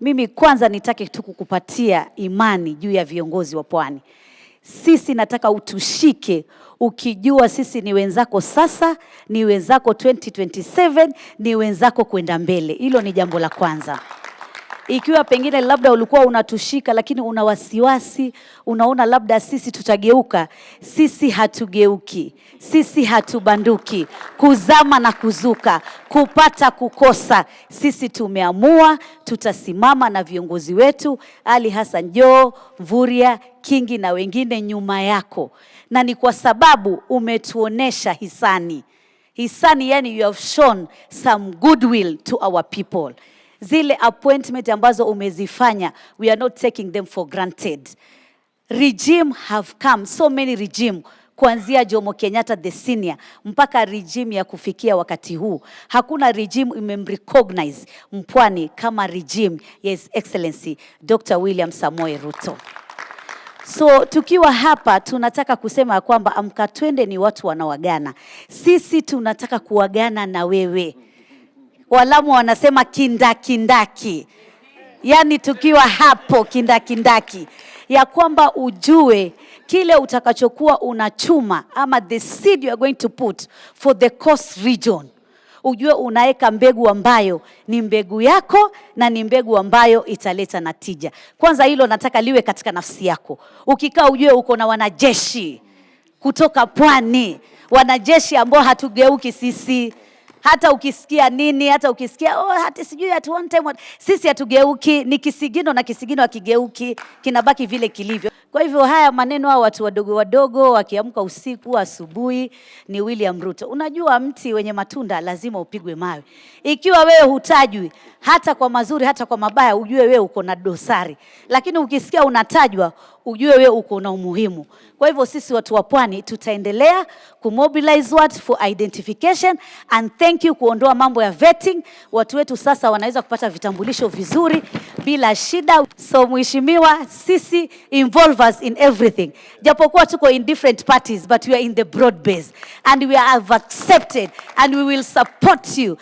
Mimi kwanza nitake tu kukupatia imani juu ya viongozi wa Pwani. Sisi nataka utushike ukijua sisi ni wenzako sasa, ni wenzako 2027, ni wenzako kwenda mbele. Hilo ni jambo la kwanza ikiwa pengine labda ulikuwa unatushika lakini una wasiwasi, unaona labda sisi tutageuka. Sisi hatugeuki, sisi hatubanduki kuzama na kuzuka, kupata kukosa. Sisi tumeamua tutasimama na viongozi wetu Ali Hassan joo vuria Kingi na wengine nyuma yako, na ni kwa sababu umetuonesha hisani, hisani yani you have shown some goodwill to our people zile appointment ambazo umezifanya, we are not taking them for granted. Regime have come so many regime kuanzia Jomo Kenyatta the senior mpaka regime ya kufikia wakati huu, hakuna regime imemrecognize mpwani kama regime ya His Excellency Dr. William Samoei Ruto. So tukiwa hapa tunataka kusema kwamba Amka Twende ni watu wanawagana Sisi tunataka kuwagana na wewe. Walamu wanasema kindakindaki, yaani tukiwa hapo kindakindaki, ya kwamba ujue kile utakachokuwa unachuma ama the seed you are going to put for the coast region ujue unaweka mbegu ambayo ni mbegu yako na ni mbegu ambayo italeta natija. Kwanza hilo nataka liwe katika nafsi yako. Ukikaa ujue uko na wanajeshi kutoka pwani, wanajeshi ambao hatugeuki sisi hata ukisikia nini, hata ukisikia oh, hata sijui at one time, sisi hatugeuki. Ni kisigino na kisigino akigeuki kinabaki vile kilivyo. Kwa hivyo haya maneno hao watu wadogo wadogo wakiamka usiku asubuhi ni William Ruto. Unajua mti wenye matunda lazima upigwe mawe. Ikiwa wewe hutajwi hata kwa mazuri hata kwa mabaya, ujue wewe uko na dosari, lakini ukisikia unatajwa ujue wewe uko na umuhimu. Kwa hivyo sisi watu wa Pwani tutaendelea kumobilize watu for identification and thank you, kuondoa mambo ya vetting. Watu wetu sasa wanaweza kupata vitambulisho vizuri bila shida. So mheshimiwa, sisi involve us in everything. Japokuwa tuko in different parties but we are in the broad base and we have accepted and we will support you